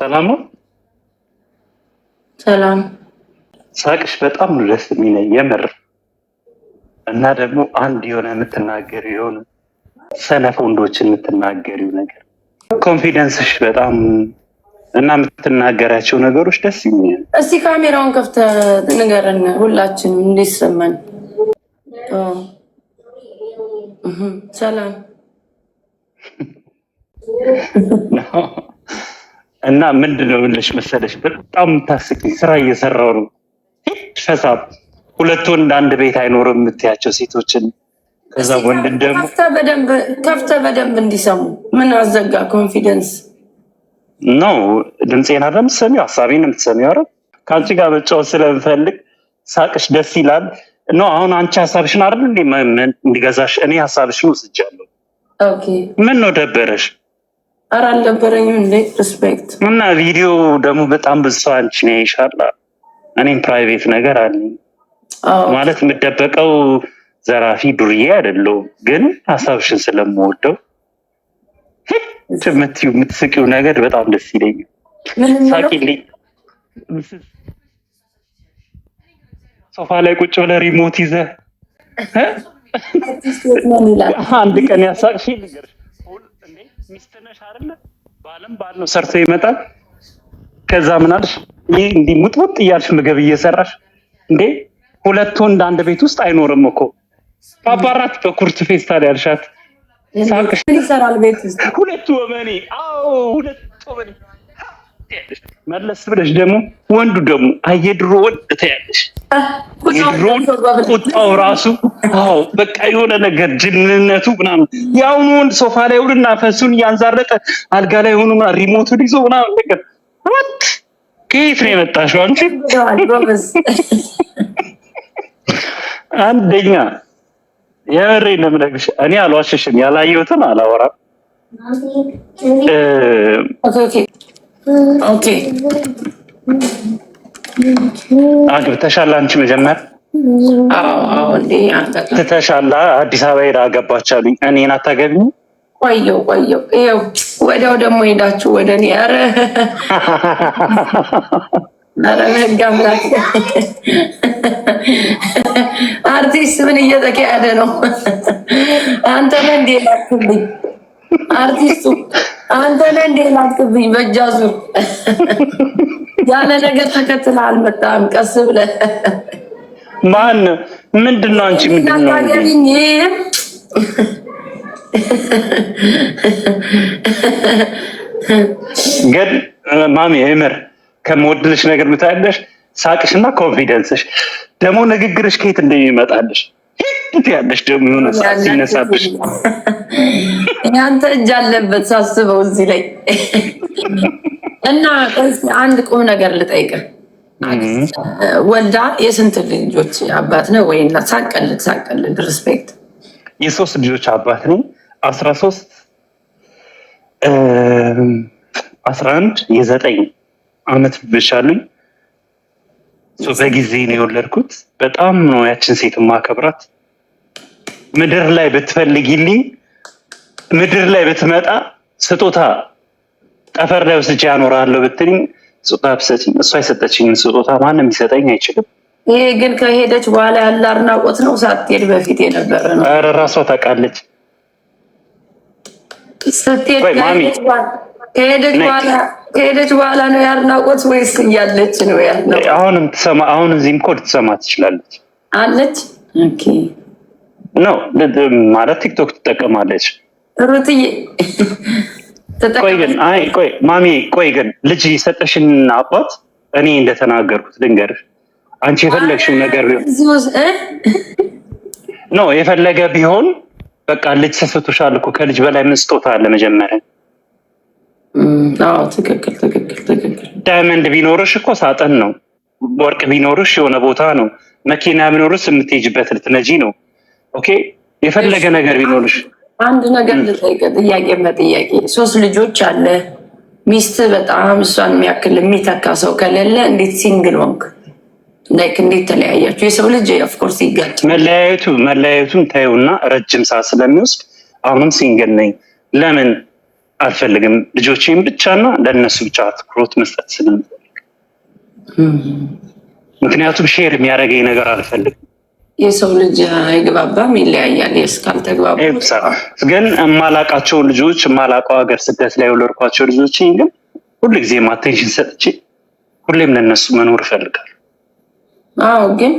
ሰላም ነው። ሰላም ሳቅሽ በጣም ነው ደስ የሚለኝ የምር። እና ደግሞ አንድ የሆነ የምትናገር የሆነ ሰነፍ ወንዶች የምትናገሪው ነገር ኮንፊደንስሽ በጣም እና የምትናገራቸው ነገሮች ደስ ይለኛል። እስቲ ካሜራውን ከፍተህ ንገረን ሁላችንም እንዲሰማን። ሰላም እና ምንድን ነው ብለሽ መሰለሽ፣ በጣም የምታስቂኝ ስራ እየሰራው ነው። ፈሳ ሁለት ወንድ አንድ ቤት አይኖርም የምትያቸው ሴቶችን ከዛ ወንድ ደግሞ ከፍተህ በደንብ እንዲሰሙ ምን አዘጋ ኮንፊደንስ ነው። ድምፄን አይደል ምትሰሚ ሀሳቤን ነው የምትሰሚው? አረ ከአንቺ ጋር መጫወት ስለምፈልግ ሳቅሽ ደስ ይላል። ኖ አሁን አንቺ ሀሳብሽን አይደል እንዲገዛሽ እኔ ሀሳብሽን ወስጃለሁ። ምን ነው ደበረሽ? ኧረ አልነበረኝም እንዴ ሪስፔክት እና ቪዲዮ ደግሞ በጣም ብዙ ሰው አንቺ ነው ይሻላ። እኔም ፕራይቬት ነገር አለ ማለት የምደበቀው ዘራፊ ዱርዬ አይደለሁም፣ ግን ሀሳብሽን ስለምወደው የምትዩ የምትስቂው ነገር በጣም ደስ ይለኛል። ሳቂልኝ። ሶፋ ላይ ቁጭ ብለህ ሪሞት ይዘህ አንድ ቀን ያሳቅሽ ነገር ሚስት ነሽ አይደለ? ባለም ባል ነው ሰርቶ ይመጣል። ከዛ ምን አልሽ? ይህ እንዲህ ሙጥሙጥ እያልሽ ምግብ እየሰራሽ እንዴ! ሁለት ወንድ አንድ ቤት ውስጥ አይኖርም እኮ አባራት በኩርት ፌስታል ያልሻት ሳቅሽ። ይሰራል ቤት ውስጥ ሁለቱ ወመኔ? አዎ ሁለቱ ወመኔ መለስ ብለሽ ደግሞ ወንዱ ደግሞ አየድሮ ወንድ ትያለሽ። የድሮ ቁጣው ራሱ አዎ በቃ የሆነ ነገር ጅንነቱ ምናምን፣ የአሁኑ ወንድ ሶፋ ላይ ሁሉና ፈሱን እያንዛረጠ አልጋ ላይ ሆኑ ሪሞቱን ይዞ ምናምን ነገር ወት ከየት ነው የመጣሽው አንቺ? አንደኛ የበሬ ለምለግሽ እኔ አልዋሸሽም፣ ያላየሁትን አላወራም ኦኬ አግብተሻል? አንቺ መጀመር ትተሻላ? አዲስ አበባ ሄዳ አገባች እኔን አታገቢኝም? ቆየው ቆየው፣ ይኸው ወዲያው ደግሞ ሄዳችሁ ወደ እኔ። ኧረ ኧረ በሕግ አምላክ አርቲስት ምን እየተካሄደ ነው? አንተ ምን እንዴ አርቲስቱ አንተ ነህ እንዴ ላጥቅብኝ በእጃ ያለ ነገር ተከትለ አልመጣም። ቀስ ብለህ ማን ምንድን ነው አንቺ ምንድን ነው ግን ማሚ የምር ከምወድልሽ ነገር ምታያለሽ፣ ሳቅሽና ኮንፊደንስሽ ደግሞ ንግግርሽ ከየት እንደሚመጣልሽ ያለሽ ደግሞ የሆነ ሰዓት ሲነሳብሽ ያንተ እጅ አለበት ሳስበው እዚህ ላይ እና አንድ ቁም ነገር ልጠይቅ። ወልዳ የስንት ልጆች አባት ነው ወይ ሳቀልድ ሳቀልድ ሪስፔክት የሶስት ልጆች አባት ነው። አስራ ሶስት አስራ አንድ የዘጠኝ አመት ብቻሉኝ በጊዜ ነው የወለድኩት በጣም ነው ያችን ሴት ማከብራት ምድር ላይ ብትፈልጊልኝ ምድር ላይ ብትመጣ ስጦታ ጠፈር ላይ ወስጄ ያኖራለሁ ብትልኝ ስጦታ ብሰጪኝ እሷ የሰጠችኝን ስጦታ ማንም ሊሰጠኝ አይችልም። ይሄ ግን ከሄደች በኋላ ያለ አድናቆት ነው። ሳትሄድ በፊት የነበረ ነው። ኧረ እራሷ ታውቃለች። ከሄደች በኋላ ነው የአድናቆት ወይስ እያለች ነው? አሁንም አሁን እዚህም እኮ ልትሰማ ትችላለች አለች። ነው ማለት ቲክቶክ ትጠቀማለች። ቆይ ግን አይ ቆይ ማሚ ቆይ ግን ልጅ የሰጠሽን አባት እኔ እንደተናገርኩት ድንገር አንቺ የፈለግሽው ነገር ቢሆን ነው የፈለገ ቢሆን በቃ ልጅ ተሰጥቶሻል እኮ ከልጅ በላይ ምን ስጦታ አለ? መጀመሪያ ዳይመንድ ቢኖርሽ እኮ ሳጥን ነው። ወርቅ ቢኖርሽ የሆነ ቦታ ነው። መኪና ቢኖርስ የምትሄጅበት ልትነጂ ነው። ኦኬ የፈለገ ነገር ቢኖርሽ አንድ ነገር ልጠይቅ፣ ጥያቄ በጥያቄ ሶስት ልጆች አለ ሚስት በጣም እሷን የሚያክል የሚተካ ሰው ከሌለ እንዴት ሲንግል ወንክ ላይክ እንዴት ተለያያችሁ? የሰው ልጅ ኦፍኮርስ ይጋጭ። መለያየቱ መለያየቱን ታዩና ረጅም ሰዓት ስለሚወስድ አሁንም ሲንግል ነኝ። ለምን አልፈልግም፣ ልጆቼም ብቻና ለእነሱ ብቻ ትኩሮት መስጠት ስለምፈልግ፣ ምክንያቱም ሼር የሚያደርገኝ ነገር አልፈልግም የሰው ልጅ አይግባባም፣ ይለያያል። እስካልተግባባ ግን የማላቃቸው ልጆች የማላቀው ሀገር ስደት ላይ የወለድኳቸው ልጆች ግን ጊዜ አቴንሽን ሰጥቼ ሁሌም ለነሱ መኖር ይፈልጋል። አዎ፣ ግን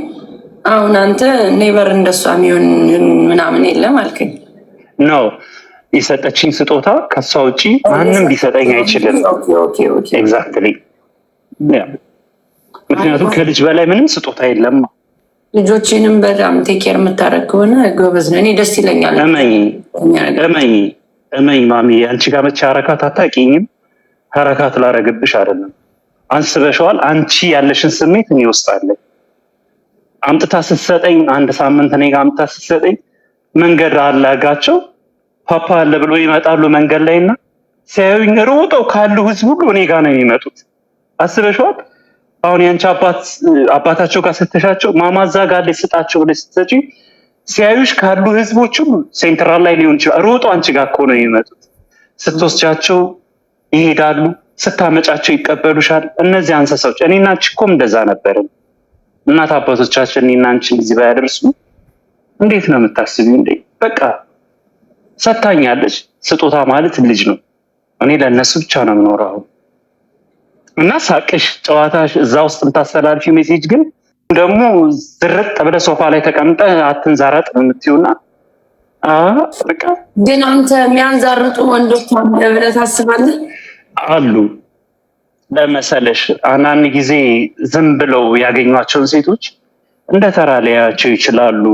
አሁን አንተ ኔበር እንደሷ የሚሆን ምናምን የለም አልከኝ። ኖ የሰጠችኝ ስጦታ ከሷ ውጭ ማንም ሊሰጠኝ አይችልም። ኤግዛክትሊ። ምክንያቱም ከልጅ በላይ ምንም ስጦታ የለም። ልጆችንም በጣም ቴኬር የምታደረግ ከሆነ ጎበዝ ነው። እኔ ደስ ይለኛል። እመኝ ማሚ፣ አንቺ ጋር መቼ ሀረካት አታውቂኝም። ሀረካት ላረግብሽ አይደለም፣ አንስበሸዋል። አንቺ ያለሽን ስሜት እኔ ውስጣለኝ። አምጥታ ስትሰጠኝ አንድ ሳምንት እኔ ጋር አምጥታ ስትሰጠኝ መንገድ አላጋቸው ፓፓ አለ ብሎ ይመጣሉ መንገድ ላይ እና ሲያዩኝ ሮጠው ካሉ ህዝብ ሁሉ እኔ ጋር ነው የሚመጡት። አስበሸዋል አሁን ያንቺ አባት አባታቸው ጋር ስትሻቸው ማማዛ ጋር ስጣቸው ብለሽ ስትሰጪ ሲያዩሽ ካሉ ህዝቦችም ሴንትራል ላይ ሊሆን ይችላል ሮጦ አንቺ ጋር እኮ ነው የሚመጡት። ስትወስጃቸው ይሄዳሉ፣ ስታመጫቸው ይቀበሉሻል። እነዚህ አንሰሳዎች እኔና አንቺ እኮም እንደዛ ነበርን። እናት አባቶቻችን እኔና አንቺ እዚህ ባያደርሱ እንዴት ነው የምታስቢ? እንዴ በቃ ሰታኛለች። ስጦታ ማለት ልጅ ነው። እኔ ለእነሱ ብቻ ነው የምኖረው። እና ሳቅሽ፣ ጨዋታሽ እዛ ውስጥ የምታስተላልፊ ሜሴጅ ግን ደግሞ ዝርጥ ብለህ ሶፋ ላይ ተቀምጠህ አትንዛረጥ ነው ግን አንተ የሚያንዛርጡ ወንዶች ብለህ ታስባለህ አሉ ለመሰለሽ አንዳንድ ጊዜ ዝም ብለው ያገኟቸውን ሴቶች እንደ ተራ ሊያቸው ይችላሉ።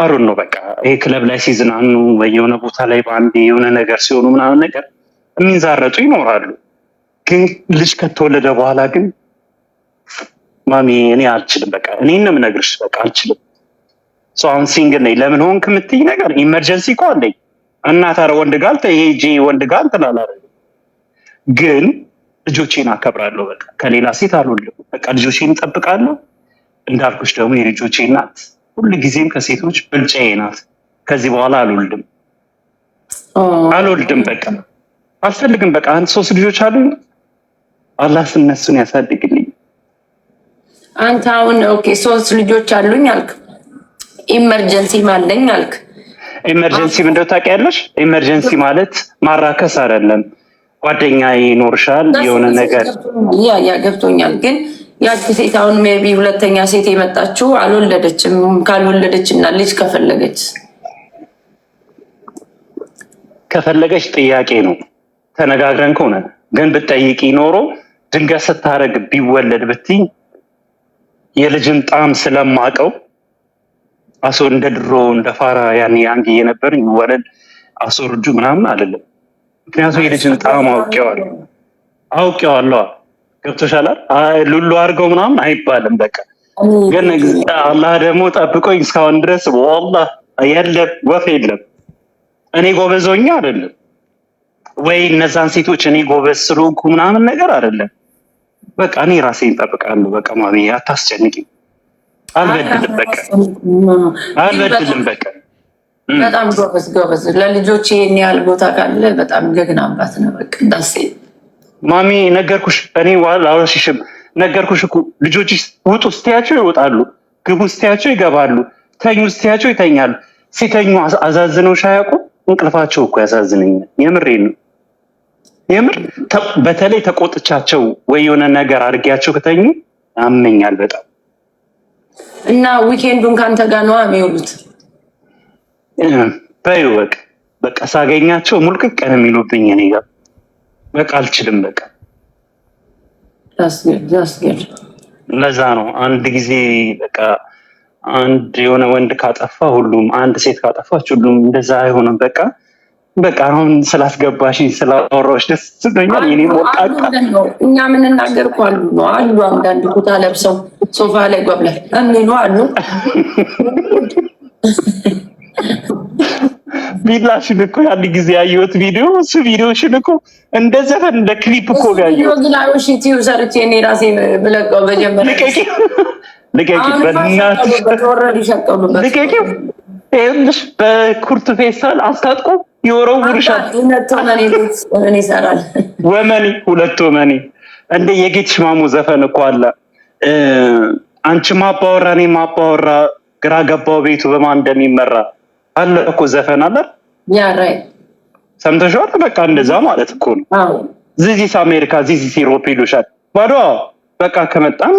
አሩን ነው በቃ ይሄ ክለብ ላይ ሲዝናኑ ወይ የሆነ ቦታ ላይ በአንድ የሆነ ነገር ሲሆኑ ምናምን ነገር የሚንዛረጡ ይኖራሉ። ግን ልጅ ከተወለደ በኋላ ግን ማሚ እኔ አልችልም፣ በቃ እኔ ነው የምነግርሽ፣ በቃ አልችልም። አሁን ሲንግል ነኝ። ለምን ሆንክ የምትይኝ ነገር ኢመርጀንሲ እኮ አለኝ እናት አረ ወንድ ጋር ሄጄ ወንድ ጋር እንትን አላደርግም፣ ግን ልጆቼን አከብራለሁ። በቃ ከሌላ ሴት አልወልም። በቃ ልጆቼን እጠብቃለሁ። እንዳልኩሽ ደግሞ የልጆቼ እናት ሁልጊዜም ከሴቶች ብልጫዬ ናት። ከዚህ በኋላ አልወልድም አልወልድም፣ በቃ አልፈልግም። በቃ አንድ ሶስት ልጆች አሉኝ። አላህ እነሱን ያሳድግልኝ። አንተ አሁን ኦኬ ሶስት ልጆች አሉኝ አልክ፣ ኢመርጀንሲ ማለኝ አልክ። ኢመርጀንሲ ምንድነው ታውቂያለሽ? ኢመርጀንሲ ማለት ማራከስ አይደለም። ጓደኛ ይኖርሻል የሆነ ነገር ያ ያ ገብቶኛል። ግን ያቺ ሴት አሁን ሜይ ቢ ሁለተኛ ሴት የመጣችው አልወለደችም። ካልወለደች እና ልጅ ከፈለገች ከፈለገች ጥያቄ ነው ተነጋግረን ከሆነ ግን ብትጠይቂ ኖሮ ድንገት ስታደርግ ቢወለድ ብትይ የልጅን ጣም ስለማቀው አሶ እንደ ድሮ እንደ ፋራ ያን አንግ የነበር ይወለድ አሶ ርጁ ምናምን አይደለም። ምክንያቱም የልጅን ጣዕም አውቄዋለሁ አውቄዋለሁ። ገብቶሻል። አይ ሉሉ አድርገው ምናምን አይባልም። በቃ ግን አላህ ደግሞ ጠብቆኝ እስካሁን ድረስ ወላሂ የለም ወፍ የለም። እኔ ጎበዞኛ አይደለም ወይ እነዛን ሴቶች እኔ ጎበዝ ስለሆንኩ ምናምን ነገር አይደለም። በቃ እኔ ራሴን እጠብቃለሁ። በቃ ማሚ አታስጨንቂ። አልበድልም፣ በቃ አልበድልም። በቃ በጣም ጎበዝ ጎበዝ። ለልጆች ይሄን ያህል ቦታ ካለ በጣም ጀግና አባት ነው። በቃ እንዳሴ ማሚ ነገርኩሽ። እኔ አልዋሽሽም። ነገርኩሽ እኮ ልጆች ውጡ ስትያቸው ይወጣሉ፣ ግቡ ስትያቸው ይገባሉ፣ ተኙ ስትያቸው ይተኛሉ። ሲተኙ አዛዝነው ሻያቁ እንቅልፋቸው እኮ ያሳዝነኛል። የምሬ ነው። የምር በተለይ ተቆጥቻቸው ወይ የሆነ ነገር አድርጊያቸው ከተኙ አመኛል በጣም እና ዊኬንዱን ከአንተ ጋር ነዋ የሚውሉት። በይ በቃ በቃ ሳገኛቸው ሙልቅቅ ቀን የሚሉብኝ እኔ ጋር በቃ አልችልም። በቃ ለዛ ነው አንድ ጊዜ በቃ አንድ የሆነ ወንድ ካጠፋ ሁሉም፣ አንድ ሴት ካጠፋች ሁሉም። እንደዛ አይሆንም። በቃ በቃ አሁን ስላስገባሽኝ ስላወራሽ ደስ ብሎኛል። የኔ ሞቃቃ እኛ የምንናገር እኮ አሉ ነው አሉ አንዳንድ ኩታ ለብሰው ሶፋ ላይ ጓብላል ነው አሉ። ቢላሽን እኮ ያን ጊዜ ያየሁት ቪዲዮ እሱ ቪዲዮሽን እኮ እንደ ዘፈን እንደ ክሊፕ እኮ ጋር ያየሁት ቪዲዮ ግን አይ ቲዩ ሰርቼ እኔ ራሴ ብለቀው በጀመረ ልቀቂው፣ በእናትሽ በኩርት ፌስታል አስታጥቆ ይወረውርሻል። ወመኔ ሁለት ወመኔ እንደ የጌትሽ ዘፈን እኮ አለ። አንቺ ማባወራ እኔ ማባወራ ግራ ገባው ቤቱ በማን እንደሚመራ አለ እኮ ዘፈን አለ። በቃ እንደዛ ማለት እኮ ነው። ዚዚስ አሜሪካ ዚዚስ ሮፕ ይሉሻል። ባዶ በቃ ከመጣን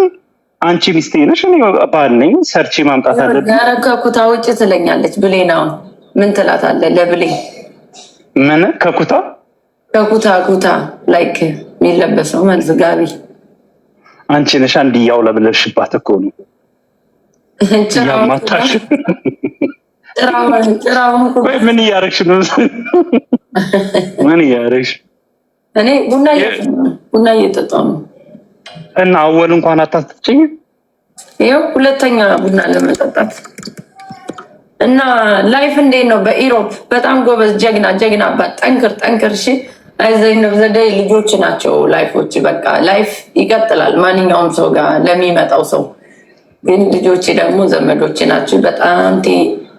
አንቺ ሚስቴ ነሽ፣ እኔ ባል ነኝ። ሰርቺ ማምጣት አለብኝ። ከኩታ ውጭ ትለኛለች። ብሌን አሁን ምን ትላት አለ ለብሌ? ምን ከኩታ ከኩታ ኩታ ላይክ የሚለበሰው መልስ ጋቢ አንቺ ነሽ። አንድ ለብለሽባት እኮ ነው ያማታሽ። ምን እያረግሽ ነው? ምን እያረግሽ? እኔ ቡና ቡና እየጠጣ ነው እና አወል እንኳን አታስችኝ። ይኸው ሁለተኛ ቡና ለመጠጣት እና ላይፍ እንዴት ነው? በኢሮፕ በጣም ጎበዝ ጀግና ጀግና አባት ጠንክር ጠንክር። እሺ አይዘኝ ነው ዘደ ልጆች ናቸው ላይፎች። በቃ ላይፍ ይቀጥላል ማንኛውም ሰው ጋር ለሚመጣው ሰው ግን ልጆች ደግሞ ዘመዶች ናቸው። በጣም ቴ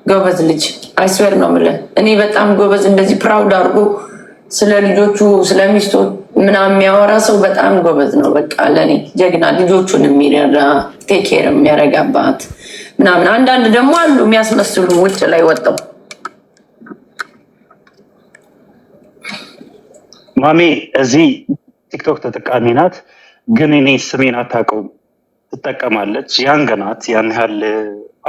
ጎበዝ ልጅ አይስበር ነው ምለን እኔ በጣም ጎበዝ እንደዚህ ፕራውድ አድርጎ ስለ ልጆቹ ስለሚስቶች ምናምን የሚያወራ ሰው በጣም ጎበዝ ነው። በቃ ለእኔ ጀግና፣ ልጆቹን የሚረዳ ቴኬር የሚያረጋባት ምናምን። አንዳንድ ደግሞ አሉ የሚያስመስሉ ውጭ ላይ ወጣው ማሜ እዚህ ቲክቶክ ተጠቃሚ ናት፣ ግን እኔ ስሜን አታውቀውም። ትጠቀማለች። ያንግ ናት። ያን ያህል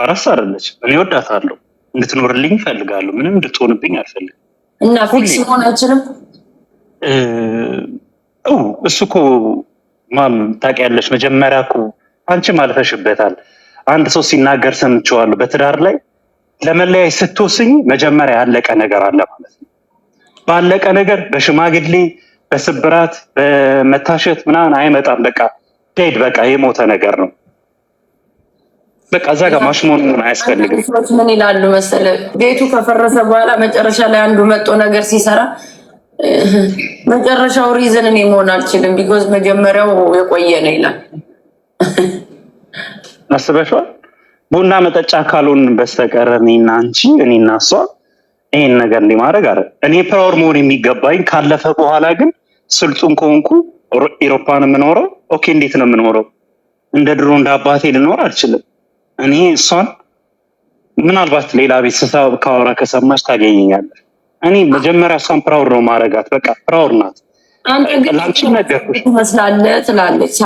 አራስ አይደለች። እኔ ወዳታለሁ፣ እንድትኖርልኝ እፈልጋለሁ። ምንም እንድትሆንብኝ አልፈልግም እና ፊክስ መሆን አይችልም እሱ እኮ ማም ታውቂያለሽ፣ መጀመሪያ እኮ አንቺም አልፈሽበታል። አንድ ሰው ሲናገር ሰምቼዋለሁ፣ በትዳር ላይ ለመለያይ ስትወስኝ መጀመሪያ ያለቀ ነገር አለ ማለት ነው። ባለቀ ነገር በሽማግሌ በስብራት በመታሸት ምናምን አይመጣም። በቃ ዴድ በቃ የሞተ ነገር ነው። በቃ እዛ ጋር ማሽሞን አያስፈልግም። ምን ይላሉ መሰለ ቤቱ ከፈረሰ በኋላ መጨረሻ ላይ አንዱ መጦ ነገር ሲሰራ መጨረሻው ሪዝን እኔ መሆን አልችልም። ቢኮዝ መጀመሪያው የቆየ ነው ይላል። አስበሽዋል? ቡና መጠጫ ካልሆን በስተቀር እኔና አንቺ እኔና እሷ ይሄን ነገር እንዲማድረግ አለ እኔ ፕራውድ መሆን የሚገባኝ ካለፈ በኋላ ግን ስልጡን ከሆንኩ ኢሮፓን የምኖረው ኦኬ፣ እንዴት ነው የምኖረው? እንደ ድሮ እንደ አባቴ ልኖር አልችልም። እኔ እሷን ምናልባት ሌላ ቤተሰብ ካወራ ከሰማች ታገኘኛለ። እኔ መጀመሪያ እሷን ፕራውድ ነው ማድረጋት። በቃ ፕራውድ ናት። ነገርኩሽ ትላለች።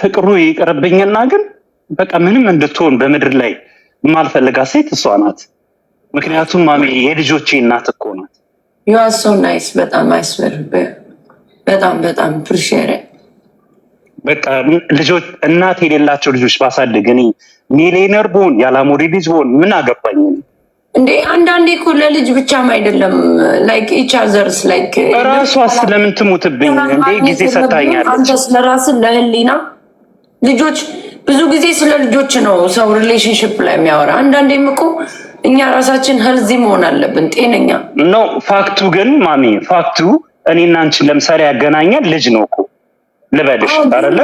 ፍቅሩ ይቅርብኝና ግን በቃ ምንም እንድትሆን በምድር ላይ የማልፈልጋት ሴት እሷ ናት። ምክንያቱም ማሚ የልጆቼ እናት እኮ ናት። ዩ አር ሶ ናይስ። በጣም አይስበር በጣም በጣም ፕሪሼር በቃ ልጆች እናት የሌላቸው ልጆች ባሳድግ እኔ ሚሊነር ብሆን ያላሙሪ ልጅ ብሆን ምን አገባኝ? እንዴ አንዳንዴ እኮ ለልጅ ብቻም አይደለም ላይክ ኢች አዘርስ ላይክ ራሷ ስለምን ትሙትብኝ እንዴ ጊዜ ሰታኛለች። አንተ ለራስህ ለህሊና ልጆች ብዙ ጊዜ ስለ ልጆች ነው ሰው ሪሌሽንሽፕ ላይ የሚያወራ። አንዳንዴም እኮ እኛ ራሳችን ህልዚ መሆን አለብን፣ ጤነኛ ነው። ፋክቱ ግን ማሚ ፋክቱ እኔ እና አንቺን ለምሳሌ ያገናኛል ልጅ ነው እኮ ልበልሽ አይደለ?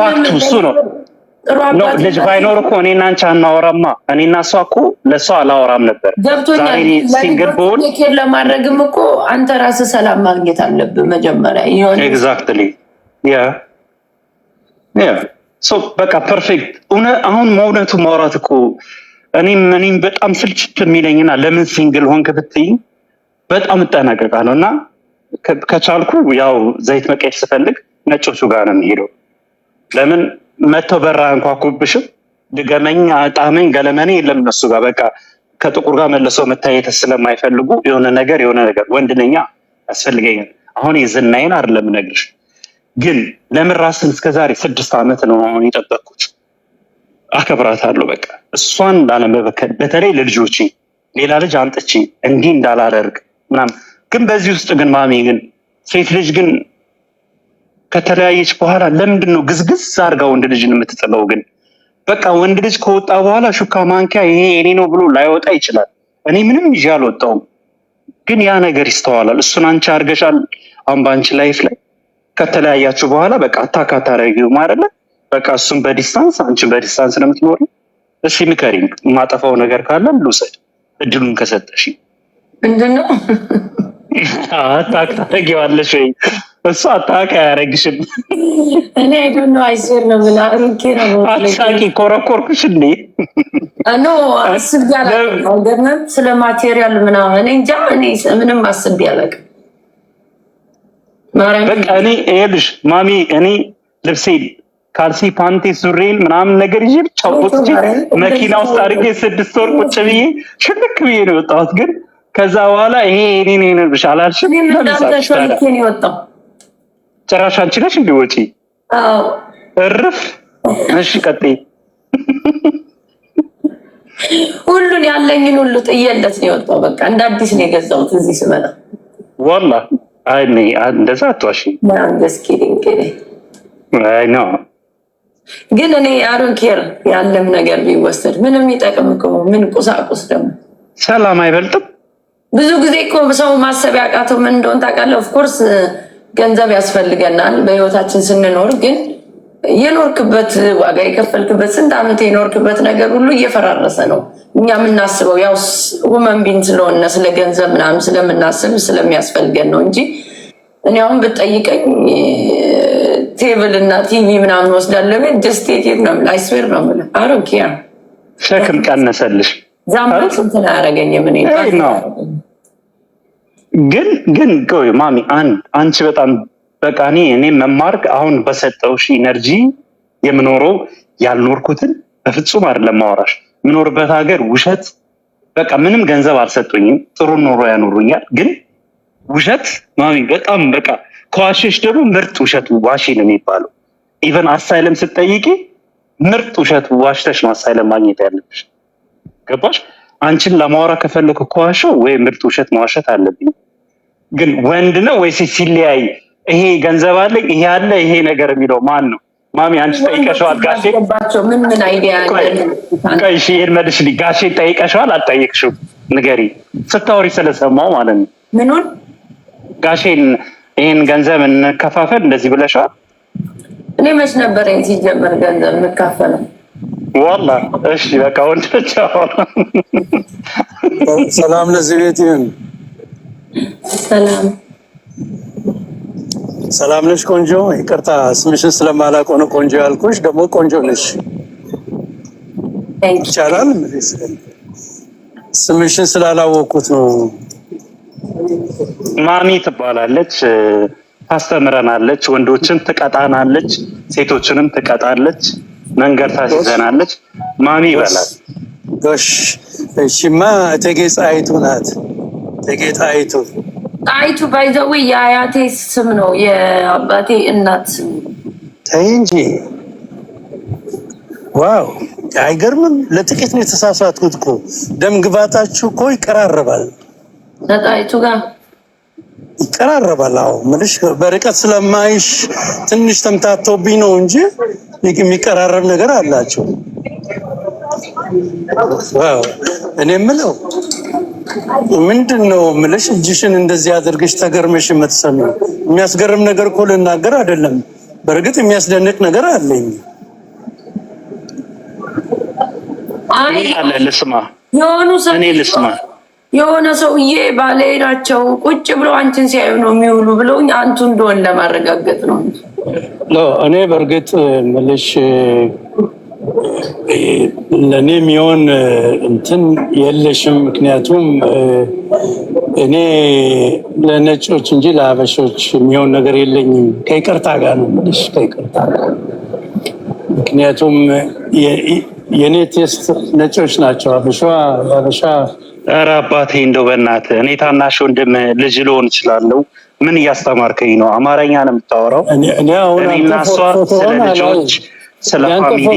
ፋክቱ እሱ ነው። ልጅ ባይኖር እኮ እኔና አንቺ አናወራማ። እኔና እሷ እኮ ለእሷ አላወራም ነበር። ገብቶኛል። ሲንግል ብሆን ኬር ለማድረግም እኮ አንተ ራስህ ሰላም ማግኘት አለብህ መጀመሪያ። ኤግዛክትሊ ያ ያ ሶ በቃ ፐርፌክት። አሁን መውነቱ ማውራት እኮ እኔም እኔም በጣም ስልችት የሚለኝና ለምን ሲንግል ሆንክ ብትይኝ በጣም እጠናቀቃለሁ እና ከቻልኩ ያው ዘይት መቀየር ስፈልግ ነጮቹ ጋር ነው የሚሄደው። ለምን መጥተው በራ አንኳኩብሽም፣ ድገመኝ፣ አጣመኝ፣ ገለመኔ የለም እነሱ ጋር በቃ ከጥቁር ጋር መልሰው መታየት ስለማይፈልጉ የሆነ ነገር የሆነ ነገር ወንድነኛ ያስፈልገኛል። አሁን የዝናይን አይደለም እነግርሽ፣ ግን ለምን ራስን እስከዛሬ ስድስት ዓመት ነው አሁን የጠበቅኩት። አከብራታለሁ በቃ እሷን ላለመበከል፣ በተለይ ለልጆች ሌላ ልጅ አምጥቼ እንዲህ እንዳላደርግ ምናምን። ግን በዚህ ውስጥ ግን ማሚ ግን ሴት ልጅ ግን ከተለያየች በኋላ ለምንድን ነው ግዝግዝ አድርጋ ወንድ ልጅን የምትጥለው? ግን በቃ ወንድ ልጅ ከወጣ በኋላ ሹካ ማንኪያ ይሄ እኔ ነው ብሎ ላይወጣ ይችላል። እኔ ምንም ይዤ አልወጣውም፣ ግን ያ ነገር ይስተዋላል። እሱን አንቺ አድርገሻል። አሁን በአንቺ ላይፍ ላይ ከተለያያችሁ በኋላ በቃ አታካታ ረጊውም አይደለ? በቃ እሱን በዲስታንስ አንቺ በዲስታንስ ነው የምትኖሪው። እሺ ምከሪኝ፣ የማጠፋው ነገር ካለ ልውሰድ፣ እድሉን ከሰጠሽ ምንድን ነው አታካታ ረጊዋለሽ ወይ እሱ አታውቅ አያረግሽም። እኔ አይዶኖ አይዜር ነው ብላ ሩኬ ነው አሳቂ ኮረኮርኩሽ እንዴ? ኖ አስቤ አላውቅም። ስለ ማቴሪያል ምናምን እኔ እንጃ፣ እኔ ምንም አስቤ አላውቅም። በቃ እኔ ይኸውልሽ ማሚ፣ እኔ ልብሴን፣ ካልሲ፣ ፓንቴ፣ ሱሬን ምናምን ነገር ይዤ ብቻ ወጥቼ መኪና ውስጥ አድርጌ ስድስት ወር ቁጭ ብዬ ሽልክ ብዬ ነው የወጣሁት። ግን ከዛ በኋላ ይሄ ኔ ኔ ነብሽ አላልሽም? ዳብዛሽ ጭራሽ አንቺ ነሽ እንዲ ወጪ እርፍ። እሺ ቀጥይ። ሁሉን ያለኝን ሁሉ ጥየለት ነው የወጣው። በቃ እንደ አዲስ ነው የገዛሁት እዚህ ስመጣ። ዋላ አይ እንደዛ አትዋሽ። አይ ነው ግን እኔ አሮን ኬር ያለም ነገር ቢወሰድ ምንም ይጠቅም እኮ ምን ቁሳቁስ ደግሞ ሰላም አይበልጥም። ብዙ ጊዜ እኮ ሰው ማሰብ ያቃተው ምን እንደሆን ታውቃለህ? ኦፍኮርስ ገንዘብ ያስፈልገናል በህይወታችን ስንኖር ግን የኖርክበት ዋጋ የከፈልክበት ስንት ዓመት የኖርክበት ነገር ሁሉ እየፈራረሰ ነው። እኛ የምናስበው ያው ሁመን ቢን ስለሆነ ስለ ገንዘብ ምናምን ስለምናስብ ስለሚያስፈልገን ነው እንጂ እኔ አሁን ብትጠይቀኝ ቴብል እና ቲቪ ምናምን ወስዳለሁ ግን ደስቴቴት ነው አይስዌር ነው አሮኪያ ሸክም ቀነሰልሽ ዛምበት እንትን አያረገኝም እኔ ግን ግን ቆይ ማሚ አንቺ በጣም በቃ እኔ እኔ መማር አሁን በሰጠውሽ ኢነርጂ የምኖረው ያልኖርኩትን በፍጹም አይደለም ማወራሽ። የምኖርበት ሀገር ውሸት በቃ ምንም ገንዘብ አልሰጡኝም። ጥሩ ኖሮ ያኖሩኛል። ግን ውሸት ማሚ በጣም በቃ ከዋሽሽ ደግሞ ምርጥ ውሸት ዋሽ ነው የሚባለው። ኢቨን አሳይለም ስትጠይቂ ምርጥ ውሸት ዋሽተሽ ነው አሳይለም ማግኘት ያለብሽ። ገባሽ? አንቺን ለማውራት ከፈለኩ ከዋሸው ወይ ምርጥ ውሸት መዋሸት አለብኝ። ግን ወንድ ነው ወይስ ሲለያይ ይሄ ገንዘብ አለ ይሄ አለ ይሄ ነገር የሚለው ማን ነው? ማሚ አንቺ ጠይቀሸዋል? ጋሼ ቀይሽ ይሄን መልሽልኝ። ጋሼ ጠይቀሸዋል? አልጠየቅሽው? ንገሪ ስታወሪ ስለሰማው ማለት ነው። ምኑን ጋሼን ይህን ገንዘብ እንከፋፈል እንደዚህ ብለሻል? እኔ መች ነበር ሲጀመር ገንዘብ እንካፈለው ዋላ እሺ፣ በቃ ወንዶች ሰላም ለዚህ ቤት ይሁን። ሰላም ሰላም ነሽ ቆንጆ። ይቅርታ ስምሽን ስለማላውቅ ነው ቆንጆ ያልኩሽ። ደግሞ ቆንጆ ነሽ ይቻላል። ስምሽን ስላላወቅኩት ነው። ማሚ ትባላለች። ታስተምረናለች፣ ወንዶችን ትቀጣናለች፣ ሴቶችንም ትቀጣለች። መንገድ ታስይዘናለች። ማሚ ይበላል። እሺማ እቴጌ ጣይቱ ናት። እቴጌ ጣይቱ ጣይቱ ባይዘዌ የአያቴ ስም ነው፣ የአባቴ እናት ስም። ተይ እንጂ ዋው! አይገርምም? ለጥቂት ነው የተሳሳትኩት እኮ። ደም ግባታችሁ እኮ ይቀራረባል። ከጣይቱ ጋር ይቀራረባል። አዎ፣ ምልሽ በርቀት ስለማይሽ ትንሽ ተምታቶብኝ ነው እንጂ የሚቀራረብ ነገር አላቸው። እኔ ምለው ምንድን ነው እጅሽን እንደዚህ አድርገሽ ተገርመሽ የምትሰሚ የሚያስገርም ነገር እኮ ልናገር አይደለም። በእርግጥ የሚያስደንቅ ነገር አለኝ። አይ ልስማ፣ እኔ ልስማ የሆነ ሰውዬ ባሌ ናቸው ቁጭ ብለው አንቺን ሲያዩ ነው የሚውሉ ብለውኝ አንቱ እንደሆን ለማረጋገጥ ነው። እኔ በእርግጥ ምልሽ ለእኔ የሚሆን እንትን የለሽም። ምክንያቱም እኔ ለነጮች እንጂ ለሀበሾች የሚሆን ነገር የለኝም። ከይቅርታ ጋር ነው ከይቅርታ ጋር ምክንያቱም የእኔ ቴስት ነጮች ናቸው። አበሻ ኧረ አባቴ እንደው በእናትህ እኔ ታናሽ ወንድም ልጅ ልሆን እችላለሁ። ምን እያስተማርከኝ ነው? አማርኛ ነው የምታወራው? እኔና እሷ ስለ ልጆች፣ ስለ ፋሚሊ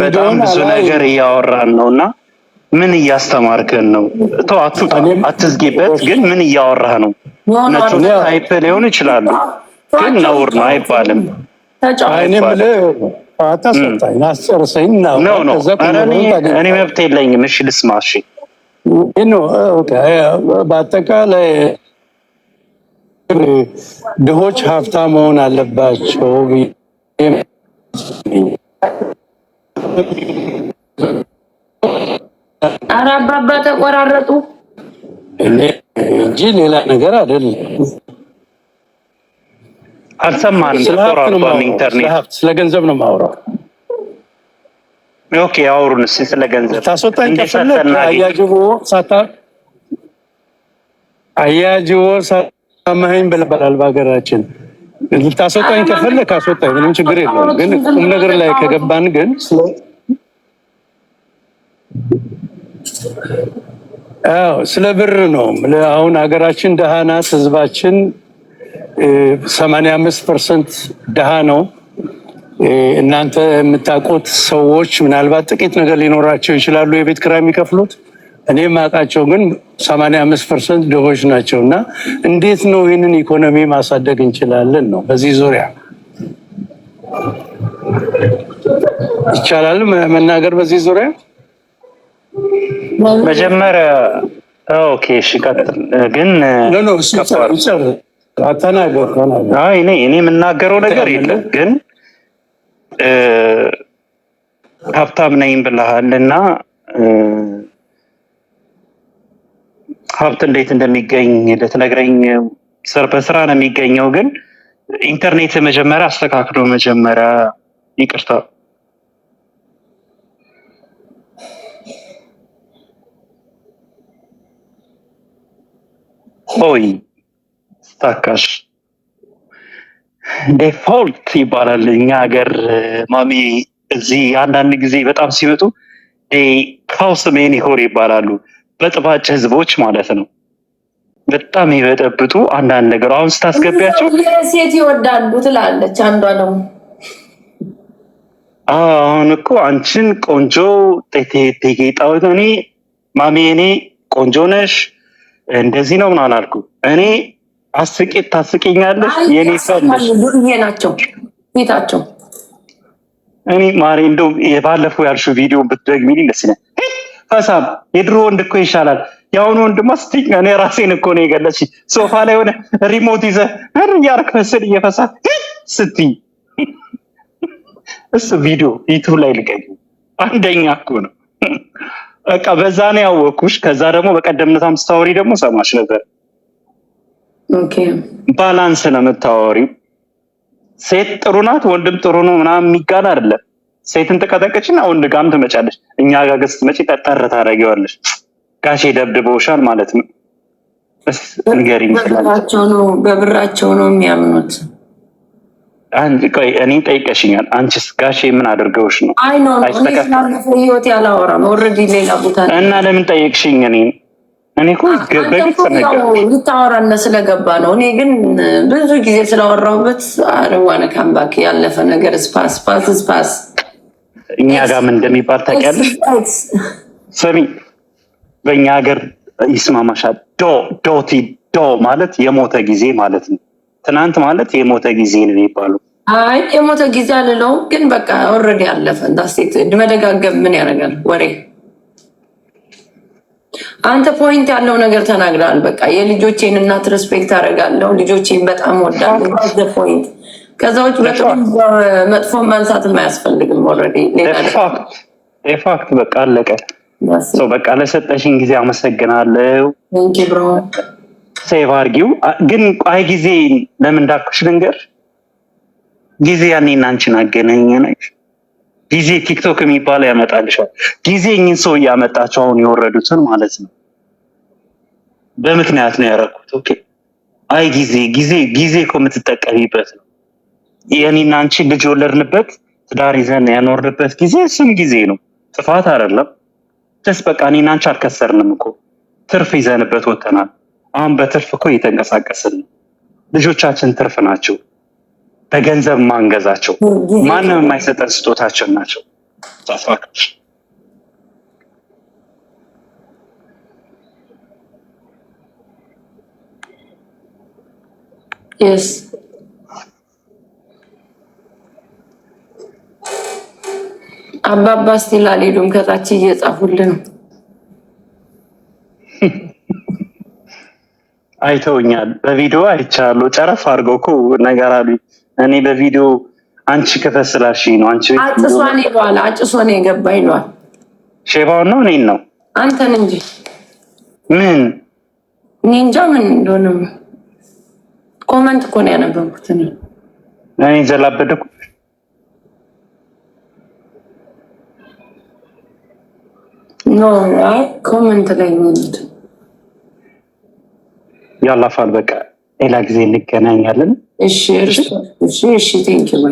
በጣም ብዙ ነገር እያወራን ነው እና ምን እያስተማርከን ነው? ተው አትውጣ፣ አትዝጊበት። ግን ምን እያወራህ ነው? ነጩ ታይፕ ሊሆን ይችላሉ፣ ግን ነውር ነው አይባልም። እኔ መብት የለኝም። እሺ ልስማ እሺ በአጠቃላይ ድሆች ሀብታም መሆን አለባቸው። ኧረ አባባ ተቆራረጡ እንጂ ሌላ ነገር አይደለም። አልሰማንም። ተቆራርጧል ኢንተርኔት። ስለ ገንዘብ ነው የማወራው። ኦኬ አውሩን እስኪ ስለ ገንዘብ ታስወጣኝ ከፈለግ አያጅቦ ሳታ አያጅቦ ሳማኸኝ ብለበላል በሀገራችን ልታስወጣኝ ከፈለግ አስወጣኝ ምንም ችግር የለውም ግን ቁም ነገር ላይ ከገባን ግን ስለ ብር ነው አሁን ሀገራችን ደሃ ናት ህዝባችን ሰማንያ አምስት ፐርሰንት ደሃ ነው እናንተ የምታውቁት ሰዎች ምናልባት ጥቂት ነገር ሊኖራቸው ይችላሉ የቤት ክራ የሚከፍሉት። እኔ ማውቃቸው ግን 85 አምስት ፐርሰንት ድሆች ናቸው እና እንዴት ነው ይህንን ኢኮኖሚ ማሳደግ እንችላለን ነው በዚህ ዙሪያ ይቻላል መናገር በዚህ ዙሪያ መጀመሪያ ኦኬ እሺ ቀጥል ግን አይ እኔ የምናገረው ነገር የለም ግን ሀብታም ነኝ ብለሃል እና ሀብት እንዴት እንደሚገኝ ልትነግረኝ በስራ ነው የሚገኘው። ግን ኢንተርኔት መጀመሪያ አስተካክሎ መጀመሪያ ይቅርታ ሆይ ስታካሽ ዴፎልት ይባላል እኛ ሀገር ማሚ። እዚህ አንዳንድ ጊዜ በጣም ሲመጡ ካውስሜን ይሆር ይባላሉ። በጥባጭ ህዝቦች ማለት ነው። በጣም ይበጠብጡ አንዳንድ ነገር አሁን ስታስገቢያቸው ሴት ይወዳሉ ትላለች አንዷ ነው። አሁን እኮ አንቺን ቆንጆ ጌጣዊ እኔ ማሜ እኔ ቆንጆ ነሽ እንደዚህ ነው ምን አልኩ እኔ አስቂ ታስቂኛለሽ። የኔ ሰው ናቸው ቤታቸው። እኔ ማሬ እንደው የባለፈው ያልሽው ቪዲዮ ብትደግሚ ደስ ይለኛል። ፈሳም የድሮ ወንድ እኮ ይሻላል። የአሁኑ ወንድማ ስትይኝ እኔ ራሴን እኮ ነው የገለችኝ። ሶፋ ላይ ሆነ ሪሞት ይዘ ምን እያደረክ መስል እየፈሳ ስትይ እሱ ቪዲዮ ዩቱብ ላይ ልቀኝ። አንደኛ እኮ ነው በቃ። በዛ ነው ያወኩሽ። ከዛ ደግሞ በቀደምነት አምስት ደግሞ ሰማሽ ነበር ባላንስ ነው የምታወሪው። ሴት ጥሩ ናት፣ ወንድም ጥሩ ነው ምናምን የሚጋል አይደለም። ሴትን ትቀጠቅጭና ወንድ ጋም ትመጫለች። እኛ ጋር ግን ስትመጪ ጠጠር ታደርጊዋለሽ። ጋሼ ደብድበውሻል ማለት ነው። ንገሪኝ። በብራቸው ነው የሚያምኑት። እኔን ጠይቀሽኛል። አንቺስ ጋሼ ምን አድርገውሽ ነው? ሌላ ቦታ እና ለምን ጠየቅሽኝ እኔን? እኔ እኮ ልታወራነ ስለገባ ነው። እኔ ግን ብዙ ጊዜ ስላወራሁበት አረዋነ ካምባክ ያለፈ ነገር ስፓስ ስፓስ ስፓስ እኛ ጋም እንደሚባል ታውቂያለሽ። ስሚ በእኛ ሀገር ይስማማሻል። ዶ ዶቲ ዶ ማለት የሞተ ጊዜ ማለት ነው። ትናንት ማለት የሞተ ጊዜ ነው የሚባለው። አይ የሞተ ጊዜ አልለው ግን በቃ ኦልሬዲ ያለፈ እንዳሴት መደጋገም ምን ያደርጋል ወሬ አንተ ፖይንት ያለው ነገር ተናግራል። በቃ የልጆቼን እናት ሬስፔክት አደርጋለሁ፣ ልጆቼን በጣም ወዳለሁ። ፖይንት ከዛ ውጭ መጥፎ ማንሳት አያስፈልግም። ኦልሬዲ ፋክት በቃ አለቀ። በቃ ለሰጠሽን ጊዜ አመሰግናለሁ። ሴቭ አርጊው ግን አይ ጊዜ ለምን እንዳልኩሽ ልንገር ጊዜ ያኔ እናንቺን አገናኘን። ጊዜ ቲክቶክ የሚባል ያመጣልሻል። ጊዜ እኝን ሰው እያመጣቸው አሁን የወረዱትን ማለት ነው። በምክንያት ነው ያደረኩት። ኦኬ አይ ጊዜ ጊዜ ጊዜ እኮ የምትጠቀሚበት ነው። የኔና አንቺ ልጅ ወለድንበት ትዳር ይዘን ያኖርንበት ጊዜ እሱም ጊዜ ነው። ጥፋት አይደለም። ደስ በቃ እኔና አንቺ አልከሰርንም እኮ ትርፍ ይዘንበት ወጥተናል። አሁን በትርፍ እኮ እየተንቀሳቀስን ነው። ልጆቻችን ትርፍ ናቸው። በገንዘብ ማንገዛቸው ማንም የማይሰጠን ስጦታችን ናቸው። አባባ ስቲላ ሌሉም ከታች እየጻፉልን አይተውኛል። በቪዲዮ አይቻሉ ጨረፍ አድርገው እኮ ነገር አሉኝ እኔ በቪዲዮ አንቺ ከፈስላሽ ነው አንቺ አጭሷ ነው ይሏል። አጭሷ ነው የገባ ይሏል። ሼባውን ነው እኔን ነው አንተን እንጂ ምን እኔ እንጃ ምን እንደሆነ ኮመንት እኮ ነው ያነበብኩት። እኔ እኔ ዘላበደኩ ኖ ኮመንት ላይ ነው ያላፋል በቃ ሌላ ጊዜ እንገናኛለን። እሺ እሺ እሺ። ቴንኪው